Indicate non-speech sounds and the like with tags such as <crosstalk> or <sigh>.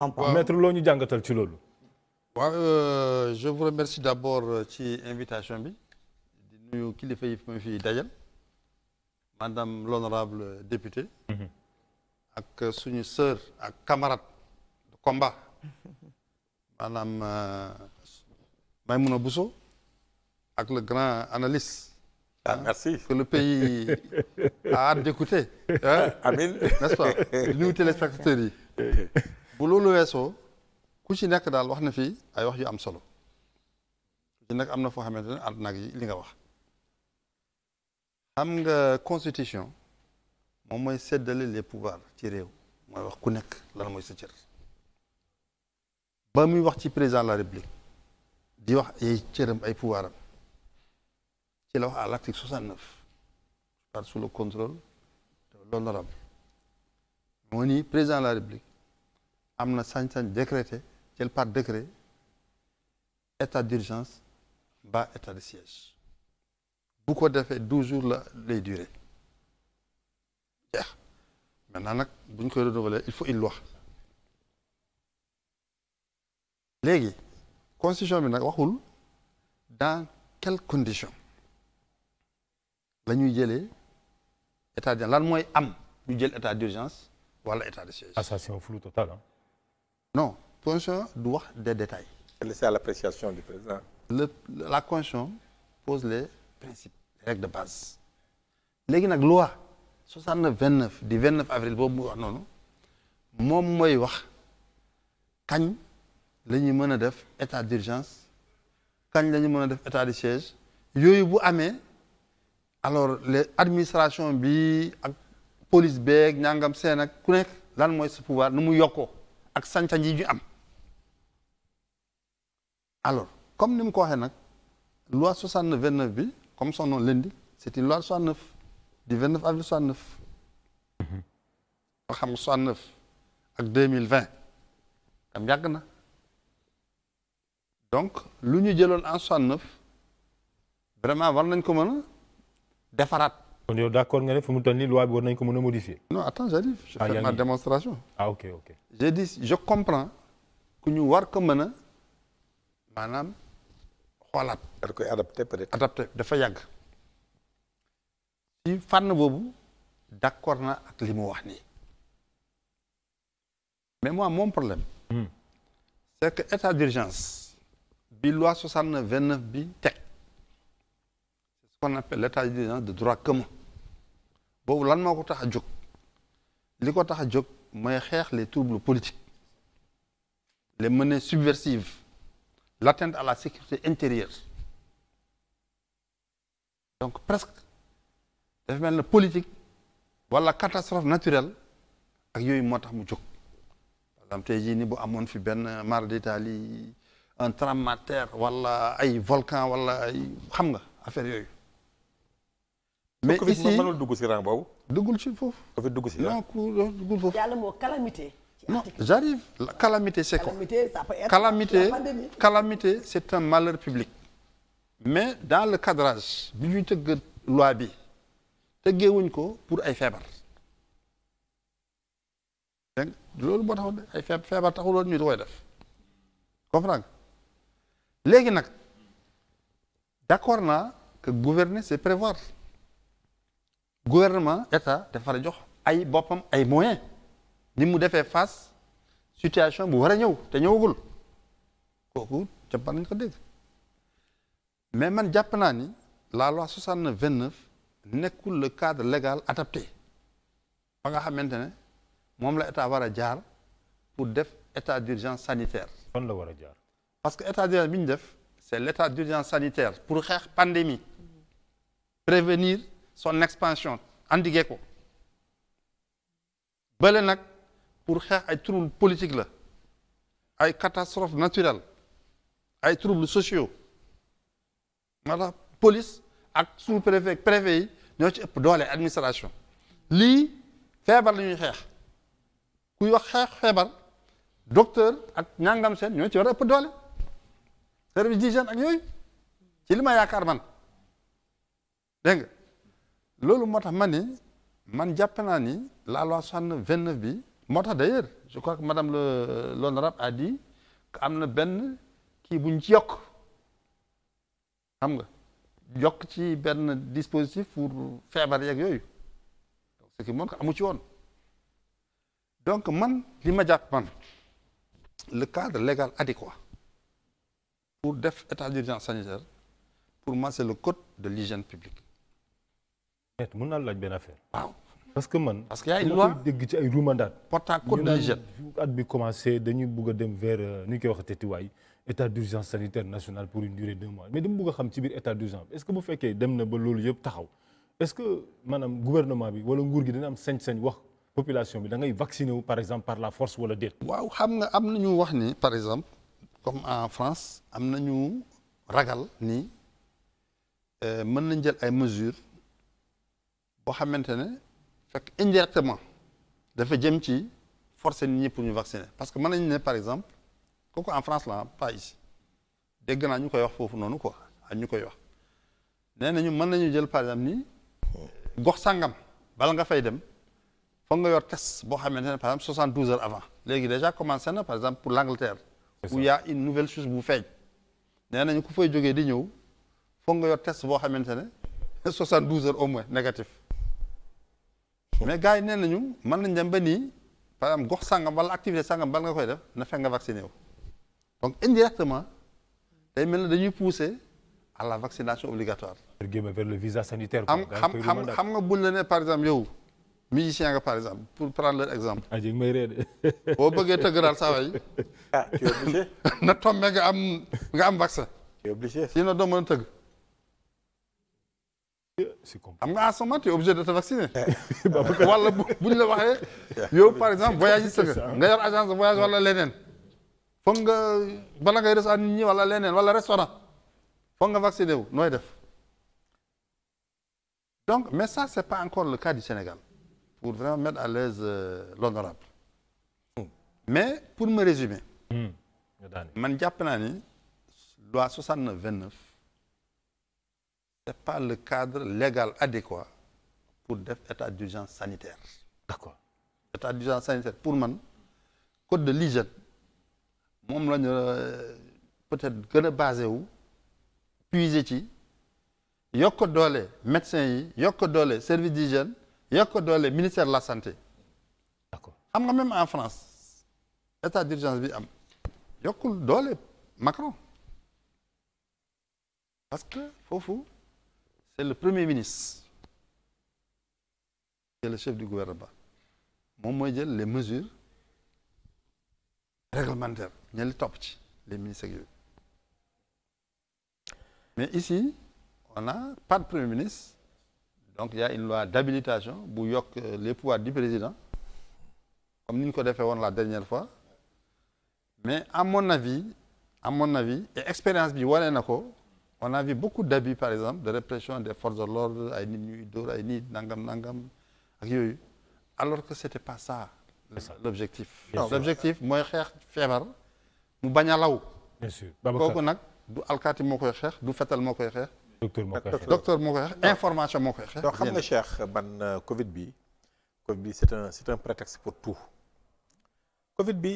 emploi maître loo ñu jàngatal ci loolu. waaw euh, je vous euh, ci invitation bi di nuyu kilifa yi ma fi dajal madame l'honorable député mhm. ak suñu sœur ak camarade de combat maanaam euh, Maïmouna Bousso ak le grand analyste. ah merci que le pays a hâte d'écouter. amiin nest nuyu téléspectateurs yi. bu loolu weesoo ku ci nekk daal wax na fi ay wax yu am solo ku ci nekk am na foo xamante ne ànd nag yi li nga wax xam nga constitution moom mooy séddale les pouvoirs ci réew mooy wax ku nekk lan mooy sa cër ba muy wax ci président de la république di wax ay cëram ay pouvoiram ci la wax à l'article 69 par sous le contrôle de l'honorable moo ni président de la république am na sañ-sañ décrété jël par décret état d'urgence ba état de siège bu ko defee douze jours la lay durer jeex maintenant nag bu ñu koy il faut une loi léegi constitution bi nag waxul dans quelles condition la jële jëlee état d'urgence lan mooy am ñu jël état d'urgence wala état de siège. association flou non constitution du wax des détails. laissé à l'appréciation du président. le la constitution pose les principes les de base léegi nag loi 69 29 du 29 avril boobu muy wax noonu moom mooy wax kañ la ñu mën a def état d'urgence kañ la ñu mën a def état de siège yooyu bu amee alors les administration bi ak police beeg ñaangam seen ak ku nekk lan mooy sa pouvoir nu mu yokkoo. ak sañ-sañ yi ñu am alors comme ni mu ko waxee nag loi vingt 29 bi comme son nom l'indique c'est une loi 69 du 29 avril 69. ba xam nga 69 ak 2020 tam yàgg na donc lu ñu jëloon en 69 vraiment war nañ ko mën defaraat. kon yow d'accord nga ne fi mu toll nii loi bi war nañ ko mën a modifier. non attends j'arrive je ah, fais ma démonstration. ah ok ok. j'ai dit je comprends ku ñu war ko mën a maanaam xoolaat. da koy adapté dafa yàgg. ci fànn boobu d'accord na ak li wax nii. mais moi mon problème. Mm. c'est que état d'urgence bi loi soixante vingt-neuf bi teg. c'est ce qu'on appelle d'urgence de droit commun. boobu lan moo ko tax a jóg li ko tax a jóg mooy xeex le troubles politiques les menées subversives l'atteinte à la sécurité intérieure donc presque dafa mel ne politique wala catastrophe naturelle ak yooyu moo tax mu jóg par tey jii nii bu amoon fi benn mar d'Italie un tremblement de wala ay volcan wala ay xam nga affaire yooyu mais ici mënul dugg boobu. duggul si foofu. yàlla moo calamité. non j'arrive la calamité c'est quoi calamité ça peut être calamité calamité c'est un malheur mais dans le cadrage bi ñuy tëgg loi bi tëggeewuñ ko pour ay feebar. dégg loolu moo taxoon ay feebar taxuloon ñu di koy def comprendre léegi nag d'accord naa que gouverner c'est prévoir. gouvernement état dafa war a jox ay boppam ay moyens ni mu defee fas situation bu war a ñëw te ñëwagul kooku jàppal nañ ko dégg mais man jàpp naa ni la loi 69 29 nekkul le cadre légal adapté ba nga xamante ne moom la état war a jaar pour def état d'urgence sanitaire. kon la war a jaar. parce que état d'urgence bi ñu def c'est l'état d'urgence sanitaire pour xeex pandémie prévenir. son expansion endigué ko bële nag pour xeex ay trouble politique la ay catastrophe naturelle ay troubles sociaux maanaam police ak sous-préfet préfet yi ñoo ci ëpp doole administration lii feebar la ñuy xeex kuy wax xeex feebar docteur ak ñàngam seen ñoo ci war a ëpp doole service d'hygiène ak yooyu ci li ma yaakaar man dégg nga loolu moo tax ma ni man jàpp naa ni la loi sànn neuf vingt-neuf bi moo tax d'ailleurs je crois que madame le l'honorable a dit que am na benn kii bu ñu ci yokk xam nga jokk ci benn dispositif pour feebar yeeg yooyu ce qui montre que amu ci woon donc man li ma jàpp man le cadre légal adéquat pour def état d'urgence sanitaire pour moi le code de l'hygiène publique mais mën naa laaj benn affaire. waaw parce que man. parce que yaay loi dégg ci ay rumandaat. porte à côte des at bi commencé dañuy bugg dem vers euh, ni ñu koy waxatee tiwaay état d' urgence sanitaire nationale pour une durée de deux mois mais dama bugg a xam ci biir état d' urgence est ce que bu fekkee dem na ba loolu yëpp taxaw est ce que maanaam gouvernement bi wala nguur gi dina am sañ-sañ wax population bi da ngay vacciné wu par exemple par la force wala déet. xam nga am na ñu wax ni par exemple comme en France am na ñu ragal nii euh, mën nañ jël ay mesures. boo xamante ne fekk indirectement dafa jëm ci forcer nit ñi pour ñu vacciner parce que mën nañu ne par exemple kooku en France la pas ici dégg naa ñu koy wax foofu noonu ko ak ñu koy wax nee nañu mën nañu jël par exemple ni eh, gox sàngam bala nga fay dem foog nga yor test boo xamante ne par exemple soixante douze heures avant léegi déjà commencé na par exemple pour l'Angleterre où il y une nouvelle chose bu feeñ nee nañu ku fay jógee di ñëw foog nga yor test boo xamante ne <laughs> soixante douze heures au moins mais gars yi neen nañu mën nañ dem ba nii par exemple gox sàngam wala activité sàngam bal nga koy def na fekk nga vacciné wu donc indirectement day mel ne dañuy pousser à la vaccination obligatoire. vers le visa sanitaire. xam xam xam nga buñ la ne par exemple yow. musicien nga par exemple pour prendre leur exemple. ah jërëjëf boo bëggee tëgg daal saa waay. ah <laughs> na tombé nga am nga am vaccin. tu es obligé sinon doo tëgg. c'est compliqué am nga assommant tu es obligé de te vacciner. Eh. <laughs> wala buñ la waxee. <laughs> yow par exemple voyage sa nga yor agence de voyage wala leneen. foog nga bala ngay recevoir nit ñi wala leneen wala restaurant foog nga vacciné wu nooy def donc mais ça c'est pas encore le cas du Sénégal pour vraiment mettre à l'aise euh, l'honorable mais pour me résumer hmm. man jàpp naa ni loi soixante-neuf c'est pas le cadre légal adéquat pour def état d'urgence sanitaire d'accord état d'urgence sanitaire pour man code de lis l'hygiène moom la euh, peut-être gën a basé wu puiser ci yokk doole médecin yi yokk doole service d'hygiène yokk doole ministère de la santé d'accord xam nga même en France état d'urgence bi am yokkul doole Macron parce foofu c'est le premier ministre c'est le chef du gouvernement moom mooy jël les mesures réglementaires ña li topp ci les ministres ak yooyu mais ici on n'a pas de premier ministre donc il y a une loi d'habilitation bu yokk euh, les pouvoirs du président comme ni ñu ko defee woon la dernière fois mais à mon avis à mon avis et expérience bi wane na ko on a vu beaucoup d'abus par exemple de répression des forces de l'ordre ay nit ñuy dóor ay nit nangam nangam ak yooyu alors que c'était pas ça l'objectif l'objectif mooy xeex feebar mu bañ a law bien sûr kooku nag du alkaati moo koy xeex du fetal moo koy xeex docteur moo koy xeex information moo koy xeex donc xam nga Cheikh ban euh, Covid bi Covid bi c'est un c'est un prétexte pour tout Covid bi